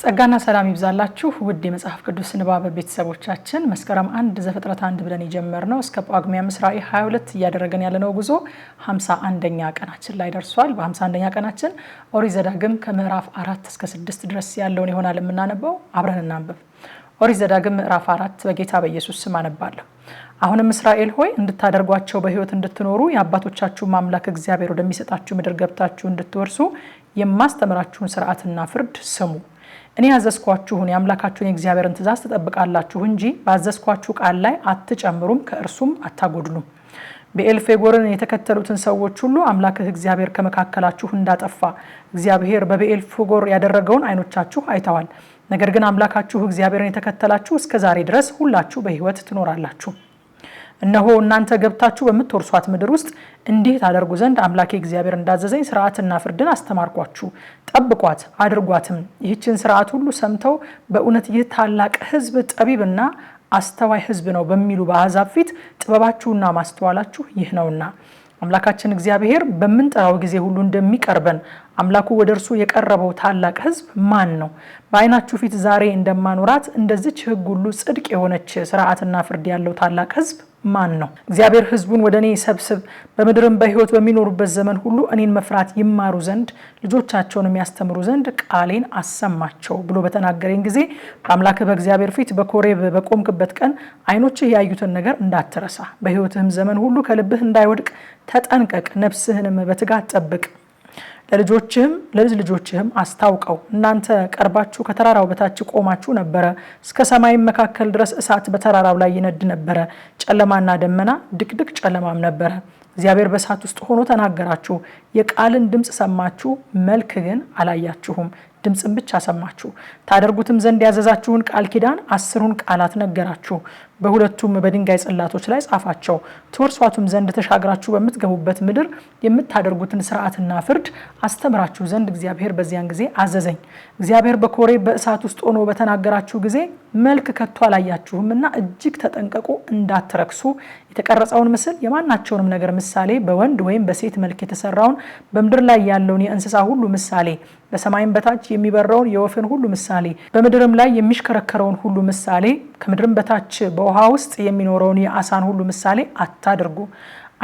ጸጋና ሰላም ይብዛላችሁ ውድ የመጽሐፍ ቅዱስ ንባብ ቤተሰቦቻችን፣ መስከረም አንድ ዘፍጥረት አንድ ብለን የጀመርነው እስከ ጳጉሜ አምስት ራዕይ 22 እያደረገን ያለነው ጉዞ 51ኛ ቀናችን ላይ ደርሷል። በ51ኛ ቀናችን ኦሪት ዘዳግም ከምዕራፍ አራት እስከ ስድስት ድረስ ያለውን ይሆናል የምናነበው። አብረን እናንብብ። ኦሪት ዘዳግም ምዕራፍ አራት በጌታ በኢየሱስ ስም አነባለሁ። አሁንም እስራኤል ሆይ እንድታደርጓቸው በሕይወት እንድትኖሩ የአባቶቻችሁ አምላክ እግዚአብሔር ወደሚሰጣችሁ ምድር ገብታችሁ እንድትወርሱ የማስተምራችሁን ስርዓትና ፍርድ ስሙ እኔ ያዘዝኳችሁን የአምላካችሁን የእግዚአብሔርን ትእዛዝ ትጠብቃላችሁ እንጂ ባዘዝኳችሁ ቃል ላይ አትጨምሩም፣ ከእርሱም አታጎድሉም። ብዔልፌጎርን የተከተሉትን ሰዎች ሁሉ አምላክህ እግዚአብሔር ከመካከላችሁ እንዳጠፋ እግዚአብሔር በብዔልፌጎር ያደረገውን አይኖቻችሁ አይተዋል። ነገር ግን አምላካችሁ እግዚአብሔርን የተከተላችሁ እስከ ዛሬ ድረስ ሁላችሁ በሕይወት ትኖራላችሁ። እነሆ እናንተ ገብታችሁ በምትወርሷት ምድር ውስጥ እንዲህ ታደርጉ ዘንድ አምላኬ እግዚአብሔር እንዳዘዘኝ ስርዓትና ፍርድን አስተማርኳችሁ፣ ጠብቋት አድርጓትም። ይህችን ስርዓት ሁሉ ሰምተው በእውነት ይህ ታላቅ ሕዝብ ጠቢብና አስተዋይ ሕዝብ ነው በሚሉ በአሕዛብ ፊት ጥበባችሁና ማስተዋላችሁ ይህ ነውና። አምላካችን እግዚአብሔር በምንጠራው ጊዜ ሁሉ እንደሚቀርበን አምላኩ ወደ እርሱ የቀረበው ታላቅ ህዝብ ማን ነው? በዓይናችሁ ፊት ዛሬ እንደማኖራት እንደዚች ህግ ሁሉ ጽድቅ የሆነች ስርዓትና ፍርድ ያለው ታላቅ ህዝብ ማን ነው? እግዚአብሔር ሕዝቡን ወደ እኔ ይሰብስብ፣ በምድርም በሕይወት በሚኖሩበት ዘመን ሁሉ እኔን መፍራት ይማሩ ዘንድ ልጆቻቸውን የሚያስተምሩ ዘንድ ቃሌን አሰማቸው ብሎ በተናገረኝ ጊዜ በአምላክህ በእግዚአብሔር ፊት በኮሬብ በቆምክበት ቀን ዓይኖችህ ያዩትን ነገር እንዳትረሳ፣ በሕይወትህም ዘመን ሁሉ ከልብህ እንዳይወድቅ ተጠንቀቅ፣ ነፍስህንም በትጋት ጠብቅ ለልጆችህም ለልጅ ልጆችህም አስታውቀው። እናንተ ቀርባችሁ ከተራራው በታች ቆማችሁ ነበረ፣ እስከ ሰማይም መካከል ድረስ እሳት በተራራው ላይ ይነድ ነበረ። ጨለማና ደመና ድቅድቅ ጨለማም ነበረ። እግዚአብሔር በእሳት ውስጥ ሆኖ ተናገራችሁ። የቃልን ድምፅ ሰማችሁ፣ መልክ ግን አላያችሁም፣ ድምፅን ብቻ ሰማችሁ። ታደርጉትም ዘንድ ያዘዛችሁን ቃል ኪዳን አስሩን ቃላት ነገራችሁ። በሁለቱም በድንጋይ ጽላቶች ላይ ጻፋቸው። ትወርሷቱም ዘንድ ተሻግራችሁ በምትገቡበት ምድር የምታደርጉትን ስርዓትና ፍርድ አስተምራችሁ ዘንድ እግዚአብሔር በዚያን ጊዜ አዘዘኝ። እግዚአብሔር በኮሬ በእሳት ውስጥ ሆኖ በተናገራችሁ ጊዜ መልክ ከቶ አላያችሁም እና እጅግ ተጠንቀቁ እንዳትረክሱ። የተቀረጸውን ምስል የማናቸውንም ነገር ምሳሌ በወንድ ወይም በሴት መልክ የተሰራውን በምድር ላይ ያለውን የእንስሳ ሁሉ ምሳሌ በሰማይም በታች የሚበረውን የወፍን ሁሉ ምሳሌ በምድርም ላይ የሚሽከረከረውን ሁሉ ምሳሌ ከምድርም በታች በ በውሃ ውስጥ የሚኖረውን የአሳን ሁሉ ምሳሌ አታድርጉ።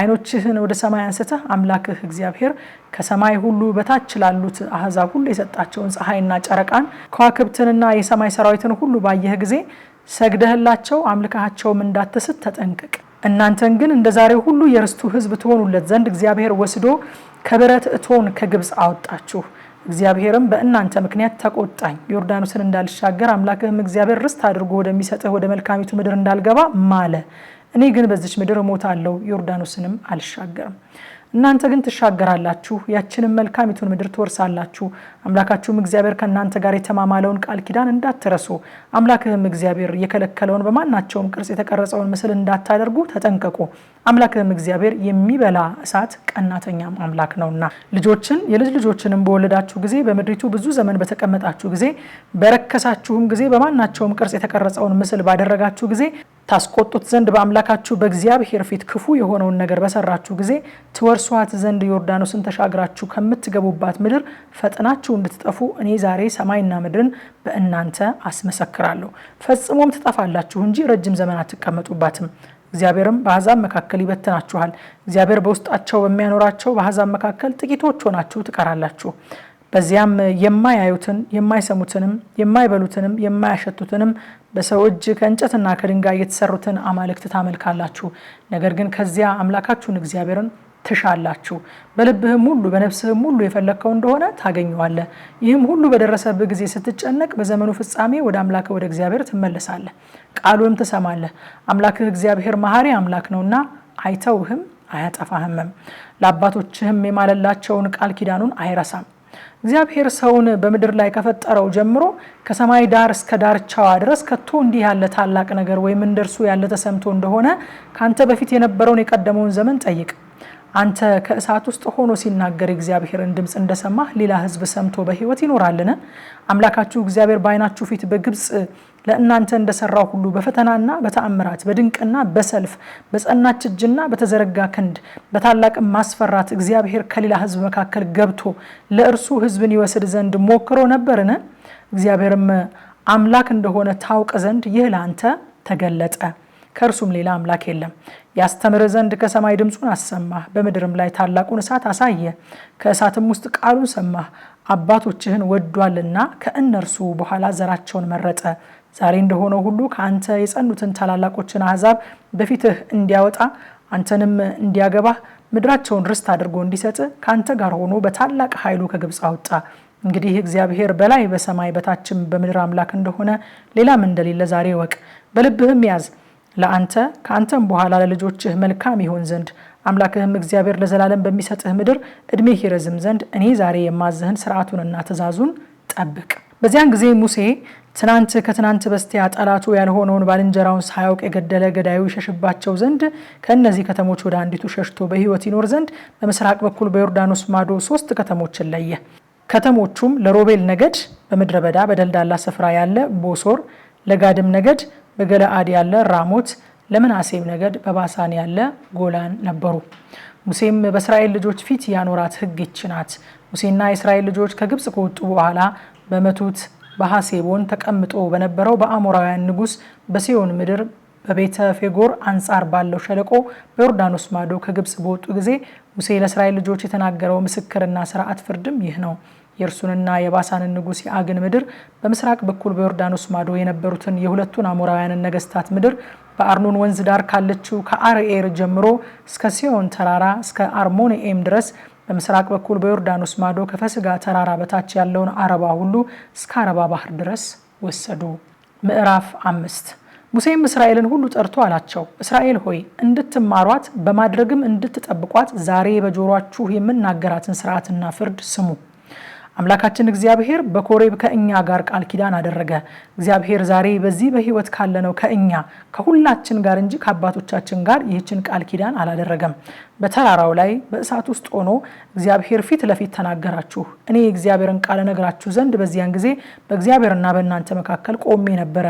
ዓይኖችህን ወደ ሰማይ አንስተህ አምላክህ እግዚአብሔር ከሰማይ ሁሉ በታች ላሉት አህዛብ ሁሉ የሰጣቸውን ፀሐይና ጨረቃን ከዋክብትንና የሰማይ ሰራዊትን ሁሉ ባየህ ጊዜ ሰግደህላቸው አምልካቸውም እንዳትስት ተጠንቀቅ። እናንተን ግን እንደ ዛሬው ሁሉ የርስቱ ሕዝብ ትሆኑለት ዘንድ እግዚአብሔር ወስዶ ከብረት እቶን ከግብፅ አወጣችሁ። እግዚአብሔርም በእናንተ ምክንያት ተቆጣኝ፣ ዮርዳኖስን እንዳልሻገር አምላክህም እግዚአብሔር ርስት አድርጎ ወደሚሰጥህ ወደ መልካሚቱ ምድር እንዳልገባ ማለ። እኔ ግን በዚች ምድር እሞታለሁ፣ ዮርዳኖስንም አልሻገርም። እናንተ ግን ትሻገራላችሁ፣ ያችንም መልካሚቱን ምድር ትወርሳላችሁ። አምላካችሁም እግዚአብሔር ከእናንተ ጋር የተማማለውን ቃል ኪዳን እንዳትረሱ፣ አምላክህም እግዚአብሔር የከለከለውን በማናቸውም ቅርጽ የተቀረጸውን ምስል እንዳታደርጉ ተጠንቀቁ። አምላክህም እግዚአብሔር የሚበላ እሳት ቀናተኛም አምላክ ነውና። ልጆችን የልጅ ልጆችንም በወለዳችሁ ጊዜ በምድሪቱ ብዙ ዘመን በተቀመጣችሁ ጊዜ በረከሳችሁም ጊዜ በማናቸውም ቅርጽ የተቀረጸውን ምስል ባደረጋችሁ ጊዜ ታስቆጡት ዘንድ በአምላካችሁ በእግዚአብሔር ፊት ክፉ የሆነውን ነገር በሰራችሁ ጊዜ ትወርሷት ዘንድ ዮርዳኖስን ተሻግራችሁ ከምትገቡባት ምድር ፈጥናችሁ እንድትጠፉ እኔ ዛሬ ሰማይና ምድርን በእናንተ አስመሰክራለሁ። ፈጽሞም ትጠፋላችሁ እንጂ ረጅም ዘመን አትቀመጡባትም። እግዚአብሔርም በአሕዛብ መካከል ይበትናችኋል። እግዚአብሔር በውስጣቸው በሚያኖራቸው በአሕዛብ መካከል ጥቂቶች ሆናችሁ ትቀራላችሁ። በዚያም የማያዩትን የማይሰሙትንም የማይበሉትንም የማያሸቱትንም በሰው እጅ ከእንጨትና ከድንጋይ የተሰሩትን አማልክት ታመልካላችሁ፣ ነገር ግን ከዚያ አምላካችሁን እግዚአብሔርን ትሻላችሁ። በልብህም ሁሉ በነፍስህም ሁሉ የፈለግከው እንደሆነ ታገኘዋለህ። ይህም ሁሉ በደረሰብህ ጊዜ ስትጨነቅ በዘመኑ ፍጻሜ ወደ አምላክህ ወደ እግዚአብሔር ትመለሳለህ፣ ቃሉንም ትሰማለህ። አምላክህ እግዚአብሔር መሐሪ አምላክ ነውና አይተውህም፣ አያጠፋህምም። ለአባቶችህም የማለላቸውን ቃል ኪዳኑን አይረሳም። እግዚአብሔር ሰውን በምድር ላይ ከፈጠረው ጀምሮ ከሰማይ ዳር እስከ ዳርቻዋ ድረስ ከቶ እንዲህ ያለ ታላቅ ነገር ወይም እንደርሱ ያለ ተሰምቶ እንደሆነ ከአንተ በፊት የነበረውን የቀደመውን ዘመን ጠይቅ። አንተ ከእሳት ውስጥ ሆኖ ሲናገር እግዚአብሔርን ድምፅ እንደሰማ ሌላ ሕዝብ ሰምቶ በሕይወት ይኖራልን? አምላካችሁ እግዚአብሔር በዓይናችሁ ፊት በግብፅ ለእናንተ እንደሰራው ሁሉ በፈተናና በተአምራት በድንቅና በሰልፍ በጸናች እጅና በተዘረጋ ክንድ በታላቅ ማስፈራት እግዚአብሔር ከሌላ ሕዝብ መካከል ገብቶ ለእርሱ ሕዝብን ይወስድ ዘንድ ሞክሮ ነበርን? እግዚአብሔርም አምላክ እንደሆነ ታውቅ ዘንድ ይህ ለአንተ ተገለጠ። ከእርሱም ሌላ አምላክ የለም። ያስተምር ዘንድ ከሰማይ ድምፁን አሰማህ፣ በምድርም ላይ ታላቁን እሳት አሳየ፣ ከእሳትም ውስጥ ቃሉን ሰማህ። አባቶችህን ወዷልና ከእነርሱ በኋላ ዘራቸውን መረጠ። ዛሬ እንደሆነ ሁሉ ከአንተ የጸኑትን ታላላቆችን አሕዛብ በፊትህ እንዲያወጣ አንተንም እንዲያገባህ ምድራቸውን ርስት አድርጎ እንዲሰጥ ከአንተ ጋር ሆኖ በታላቅ ኃይሉ ከግብፅ አወጣ። እንግዲህ እግዚአብሔር በላይ በሰማይ በታችም በምድር አምላክ እንደሆነ ሌላም እንደሌለ ዛሬ እወቅ፣ በልብህም ያዝ። ለአንተ ከአንተም በኋላ ለልጆችህ መልካም ይሆን ዘንድ አምላክህም እግዚአብሔር ለዘላለም በሚሰጥህ ምድር እድሜህ ይረዝም ዘንድ እኔ ዛሬ የማዝህን ስርዓቱንና ትእዛዙን ጠብቅ። በዚያን ጊዜ ሙሴ ትናንት ከትናንት በስቲያ ጠላቱ ያልሆነውን ባልንጀራውን ሳያውቅ የገደለ ገዳዩ ይሸሽባቸው ዘንድ ከእነዚህ ከተሞች ወደ አንዲቱ ሸሽቶ በሕይወት ይኖር ዘንድ በምስራቅ በኩል በዮርዳኖስ ማዶ ሶስት ከተሞችን ለየ። ከተሞቹም ለሮቤል ነገድ በምድረ በዳ በደልዳላ ስፍራ ያለ ቦሶር፣ ለጋድም ነገድ በገለአድ ያለ ራሞት፣ ለምናሴም ነገድ በባሳን ያለ ጎላን ነበሩ። ሙሴም በእስራኤል ልጆች ፊት ያኖራት ሕግ ይች ናት። ሙሴና የእስራኤል ልጆች ከግብፅ ከወጡ በኋላ በመቱት በሐሴቦን ተቀምጦ በነበረው በአሞራውያን ንጉሥ በሲዮን ምድር በቤተ ፌጎር አንጻር ባለው ሸለቆ በዮርዳኖስ ማዶ ከግብፅ በወጡ ጊዜ ሙሴ ለእስራኤል ልጆች የተናገረው ምስክርና ስርዓት ፍርድም ይህ ነው። የእርሱንና የባሳንን ንጉሥ የአግን ምድር በምስራቅ በኩል በዮርዳኖስ ማዶ የነበሩትን የሁለቱን አሞራውያንን ነገስታት ምድር በአርኖን ወንዝ ዳር ካለችው ከአርኤር ጀምሮ እስከ ሲዮን ተራራ እስከ አርሞንኤም ድረስ በምስራቅ በኩል በዮርዳኖስ ማዶ ከፈስጋ ተራራ በታች ያለውን አረባ ሁሉ እስከ አረባ ባህር ድረስ ወሰዱ። ምዕራፍ አምስት ሙሴም እስራኤልን ሁሉ ጠርቶ አላቸው፣ እስራኤል ሆይ እንድትማሯት በማድረግም እንድትጠብቋት ዛሬ በጆሯችሁ የምናገራትን ስርዓትና ፍርድ ስሙ። አምላካችን እግዚአብሔር በኮሬብ ከእኛ ጋር ቃል ኪዳን አደረገ። እግዚአብሔር ዛሬ በዚህ በሕይወት ካለነው ከእኛ ከሁላችን ጋር እንጂ ከአባቶቻችን ጋር ይህችን ቃል ኪዳን አላደረገም። በተራራው ላይ በእሳት ውስጥ ሆኖ እግዚአብሔር ፊት ለፊት ተናገራችሁ። እኔ የእግዚአብሔርን ቃል እነግራችሁ ዘንድ በዚያን ጊዜ በእግዚአብሔርና በእናንተ መካከል ቆሜ ነበረ።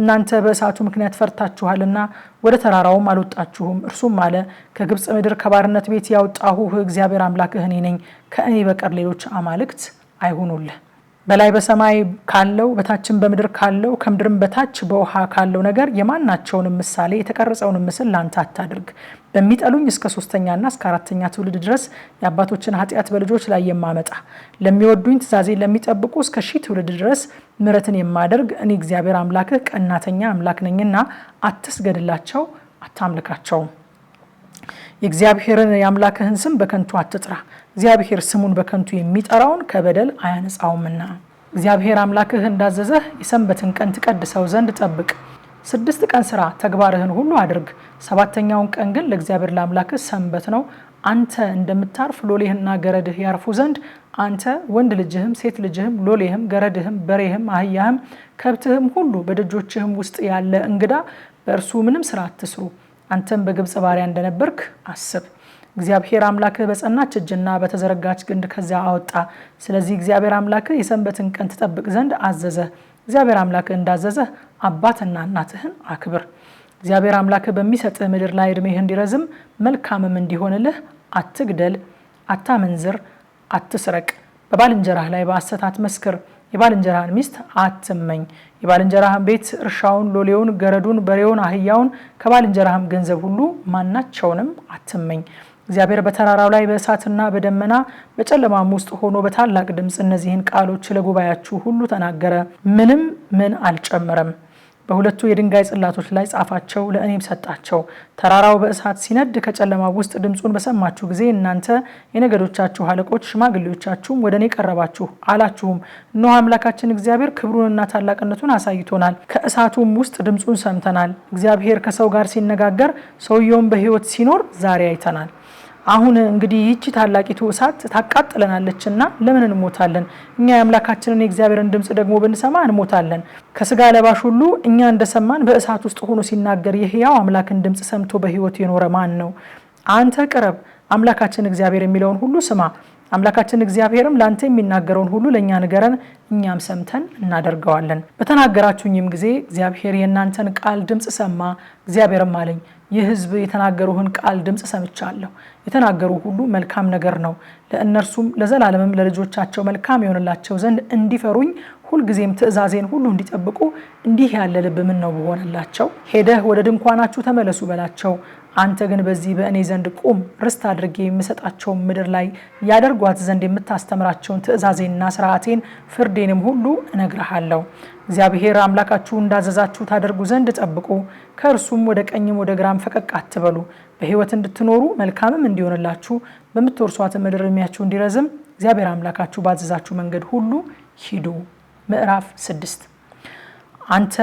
እናንተ በእሳቱ ምክንያት ፈርታችኋልና ወደ ተራራውም አልወጣችሁም። እርሱም አለ ከግብፅ ምድር ከባርነት ቤት ያወጣሁህ እግዚአብሔር አምላክህ እኔ ነኝ። ከእኔ በቀር ሌሎች አማልክት አይሆኑል በላይ በሰማይ ካለው በታችን በምድር ካለው ከምድርም በታች በውሃ ካለው ነገር የማናቸውንም ምሳሌ የተቀረጸውን ምስል ላንተ አታድርግ። በሚጠሉኝ እስከ ሶስተኛና እስከ አራተኛ ትውልድ ድረስ የአባቶችን ኃጢአት በልጆች ላይ የማመጣ ለሚወዱኝ ትእዛዜን ለሚጠብቁ እስከ ሺህ ትውልድ ድረስ ምሕረትን የማደርግ እኔ እግዚአብሔር አምላክህ ቀናተኛ አምላክ ነኝና አትስገድላቸው፣ አታምልካቸውም። የእግዚአብሔርን የአምላክህን ስም በከንቱ አትጥራ። እግዚአብሔር ስሙን በከንቱ የሚጠራውን ከበደል አያነጻውምና እግዚአብሔር አምላክህ እንዳዘዘህ የሰንበትን ቀን ትቀድሰው ዘንድ ጠብቅ። ስድስት ቀን ስራ ተግባርህን ሁሉ አድርግ። ሰባተኛውን ቀን ግን ለእግዚአብሔር ለአምላክህ ሰንበት ነው። አንተ እንደምታርፍ ሎሌህና ገረድህ ያርፉ ዘንድ አንተ ወንድ ልጅህም ሴት ልጅህም ሎሌህም ገረድህም በሬህም አህያህም ከብትህም ሁሉ በደጆችህም ውስጥ ያለ እንግዳ በእርሱ ምንም ስራ አትስሩ። አንተም በግብፅ ባሪያ እንደነበርክ አስብ። እግዚአብሔር አምላክህ በጸናች እጅና በተዘረጋች ግንድ ከዚያ አወጣ። ስለዚህ እግዚአብሔር አምላክህ የሰንበትን ቀን ትጠብቅ ዘንድ አዘዘ እግዚአብሔር አምላክህ እንዳዘዘህ አባትና እናትህን አክብር። እግዚአብሔር አምላክህ በሚሰጥህ ምድር ላይ እድሜህ እንዲረዝም መልካምም እንዲሆንልህ አትግደል፣ አታመንዝር፣ አትስረቅ፣ በባልንጀራህ ላይ በሐሰት አትመስክር፣ የባልንጀራህን ሚስት አትመኝ፣ የባልንጀራህን ቤት፣ እርሻውን፣ ሎሌውን፣ ገረዱን፣ በሬውን፣ አህያውን ከባልንጀራህም ገንዘብ ሁሉ ማናቸውንም አትመኝ። እግዚአብሔር በተራራው ላይ በእሳትና በደመና በጨለማም ውስጥ ሆኖ በታላቅ ድምፅ እነዚህን ቃሎች ለጉባኤያችሁ ሁሉ ተናገረ፣ ምንም ምን አልጨመረም። በሁለቱ የድንጋይ ጽላቶች ላይ ጻፋቸው፣ ለእኔም ሰጣቸው። ተራራው በእሳት ሲነድ ከጨለማ ውስጥ ድምፁን በሰማችሁ ጊዜ እናንተ የነገዶቻችሁ አለቆች ሽማግሌዎቻችሁም ወደ እኔ ቀረባችሁ፣ አላችሁም፣ እነሆ አምላካችን እግዚአብሔር ክብሩንና ታላቅነቱን አሳይቶናል፣ ከእሳቱም ውስጥ ድምፁን ሰምተናል። እግዚአብሔር ከሰው ጋር ሲነጋገር ሰውየውም በሕይወት ሲኖር ዛሬ አይተናል። አሁን እንግዲህ ይቺ ታላቂቱ እሳት ታቃጥለናለች እና ለምን እንሞታለን? እኛ የአምላካችንን የእግዚአብሔርን ድምፅ ደግሞ ብንሰማ እንሞታለን። ከስጋ ለባሽ ሁሉ እኛ እንደሰማን በእሳት ውስጥ ሆኖ ሲናገር የህያው አምላክን ድምፅ ሰምቶ በህይወት የኖረ ማን ነው? አንተ ቅረብ አምላካችን እግዚአብሔር የሚለውን ሁሉ ስማ። አምላካችን እግዚአብሔርም ለአንተ የሚናገረውን ሁሉ ለእኛ ንገረን፣ እኛም ሰምተን እናደርገዋለን። በተናገራችሁኝም ጊዜ እግዚአብሔር የእናንተን ቃል ድምፅ ሰማ፣ እግዚአብሔርም አለኝ ይህ ህዝብ የተናገሩህን ቃል ድምፅ ሰምቻለሁ። የተናገሩ ሁሉ መልካም ነገር ነው። ለእነርሱም ለዘላለምም ለልጆቻቸው መልካም የሆንላቸው ዘንድ እንዲፈሩኝ ሁልጊዜም ትእዛዜን ሁሉ እንዲጠብቁ እንዲህ ያለ ልብ ምን ነው ብሆንላቸው። ሄደህ ወደ ድንኳናችሁ ተመለሱ በላቸው። አንተ ግን በዚህ በእኔ ዘንድ ቁም፣ ርስት አድርጌ የምሰጣቸውን ምድር ላይ ያደርጓት ዘንድ የምታስተምራቸውን ትእዛዜና ስርዓቴን ፍርዴንም ሁሉ እነግርሃለሁ። እግዚአብሔር አምላካችሁ እንዳዘዛችሁ ታደርጉ ዘንድ ጠብቁ። ከእርሱም ወደ ቀኝም ወደ ግራም ፈቀቅ አትበሉ። በሕይወት እንድትኖሩ መልካምም እንዲሆንላችሁ በምትወርሷት ምድር እድሜያችሁ እንዲረዝም እግዚአብሔር አምላካችሁ ባዘዛችሁ መንገድ ሁሉ ሂዱ። ምዕራፍ ስድስት አንተ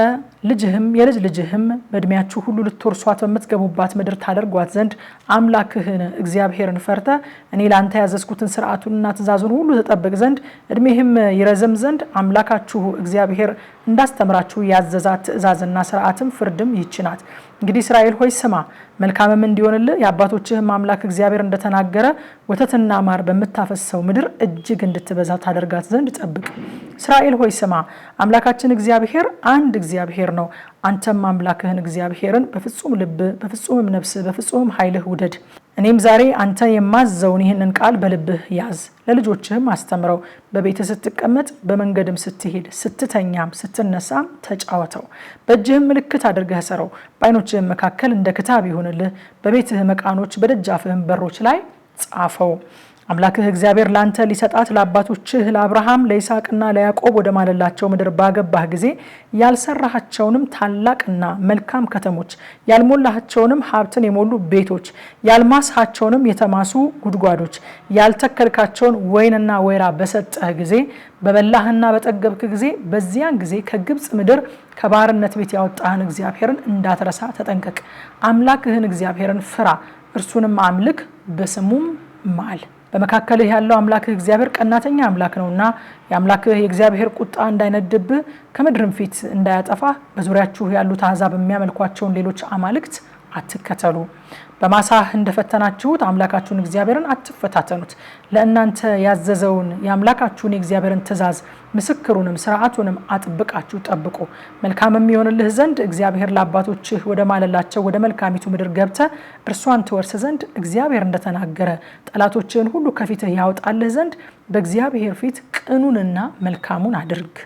ልጅህም የልጅ ልጅህም በእድሜያችሁ ሁሉ ልትወርሷት በምትገቡባት ምድር ታደርጓት ዘንድ አምላክህን እግዚአብሔርን ፈርተ እኔ ለአንተ ያዘዝኩትን ስርዓቱንና ትእዛዙን ሁሉ ተጠብቅ ዘንድ እድሜህም ይረዘም ዘንድ አምላካችሁ እግዚአብሔር እንዳስተምራችሁ ያዘዛት ትእዛዝና ስርዓትም ፍርድም ይችናት። እንግዲህ እስራኤል ሆይ ስማ፣ መልካምም እንዲሆንልህ የአባቶችህም አምላክ እግዚአብሔር እንደተናገረ ወተትና ማር በምታፈሰው ምድር እጅግ እንድትበዛ ታደርጋት ዘንድ ጠብቅ። እስራኤል ሆይ ስማ፣ አምላካችን እግዚአብሔር አንድ እግዚአብሔር ነው። አንተም አምላክህን እግዚአብሔርን በፍጹም ልብ፣ በፍጹምም ነፍስ፣ በፍጹምም ኃይልህ ውደድ። እኔም ዛሬ አንተ የማዘውን ይህንን ቃል በልብህ ያዝ፣ ለልጆችህም አስተምረው። በቤትህ ስትቀመጥ፣ በመንገድም ስትሄድ፣ ስትተኛም ስትነሳም ተጫወተው። በእጅህም ምልክት አድርገህ ሰረው፣ በዓይኖችህም መካከል እንደ ክታብ ይሁንልህ። በቤትህ መቃኖች፣ በደጃፍህም በሮች ላይ ጻፈው። አምላክህ እግዚአብሔር ላንተ ሊሰጣት ለአባቶችህ ለአብርሃም ለይስሐቅና ለያዕቆብ ወደ ማለላቸው ምድር ባገባህ ጊዜ ያልሰራሃቸውንም ታላቅና መልካም ከተሞች፣ ያልሞላሃቸውንም ሀብትን የሞሉ ቤቶች፣ ያልማስሃቸውንም የተማሱ ጉድጓዶች፣ ያልተከልካቸውን ወይንና ወይራ በሰጠህ ጊዜ በበላህና በጠገብክ ጊዜ በዚያን ጊዜ ከግብፅ ምድር ከባርነት ቤት ያወጣህን እግዚአብሔርን እንዳትረሳ ተጠንቀቅ። አምላክህን እግዚአብሔርን ፍራ፣ እርሱንም አምልክ፣ በስሙም ማል በመካከልህ ያለው አምላክህ እግዚአብሔር ቀናተኛ አምላክ ነውና የአምላክህ የእግዚአብሔር ቁጣ እንዳይነድብህ ከምድርም ፊት እንዳያጠፋ በዙሪያችሁ ያሉት አሕዛብ የሚያመልኳቸውን ሌሎች አማልክት አትከተሉ። በማሳ እንደፈተናችሁት አምላካችሁን እግዚአብሔርን አትፈታተኑት። ለእናንተ ያዘዘውን የአምላካችሁን የእግዚአብሔርን ትእዛዝ ምስክሩንም ስርዓቱንም አጥብቃችሁ ጠብቁ። መልካም የሚሆንልህ ዘንድ እግዚአብሔር ለአባቶችህ ወደ ማለላቸው ወደ መልካሚቱ ምድር ገብተ እርሷን ትወርስ ዘንድ እግዚአብሔር እንደተናገረ ጠላቶችህን ሁሉ ከፊትህ ያወጣልህ ዘንድ በእግዚአብሔር ፊት ቅኑንና መልካሙን አድርግ።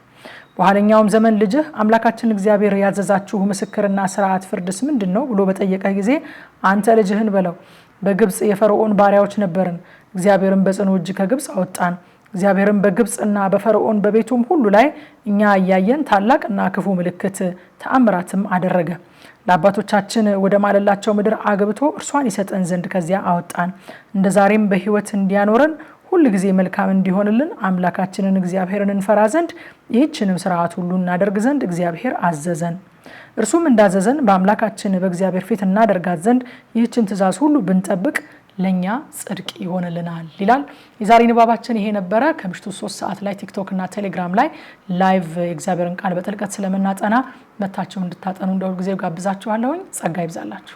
በኋለኛውም ዘመን ልጅህ አምላካችን እግዚአብሔር ያዘዛችሁ ምስክርና ስርዓት ፍርድስ ምንድን ነው ብሎ በጠየቀ ጊዜ አንተ ልጅህን በለው በግብፅ የፈርዖን ባሪያዎች ነበርን፣ እግዚአብሔርን በጽኑ እጅ ከግብፅ አወጣን። እግዚአብሔርን በግብፅና በፈርዖን በቤቱም ሁሉ ላይ እኛ እያየን ታላቅና ክፉ ምልክት ተአምራትም አደረገ። ለአባቶቻችን ወደ ማለላቸው ምድር አግብቶ እርሷን ይሰጠን ዘንድ ከዚያ አወጣን። እንደ ዛሬም በሕይወት እንዲያኖረን ሁል ጊዜ መልካም እንዲሆንልን አምላካችንን እግዚአብሔርን እንፈራ ዘንድ ይህችንም ስርዓት ሁሉ እናደርግ ዘንድ እግዚአብሔር አዘዘን። እርሱም እንዳዘዘን በአምላካችን በእግዚአብሔር ፊት እናደርጋት ዘንድ ይህችን ትእዛዝ ሁሉ ብንጠብቅ ለእኛ ጽድቅ ይሆንልናል ይላል። የዛሬ ንባባችን ይሄ ነበረ። ከምሽቱ ሶስት ሰዓት ላይ ቲክቶክ እና ቴሌግራም ላይ ላይቭ የእግዚአብሔርን ቃል በጥልቀት ስለምናጠና መታችሁ እንድታጠኑ እንደ ጊዜ ጋብዛችኋለሁኝ። ጸጋ ይብዛላችሁ።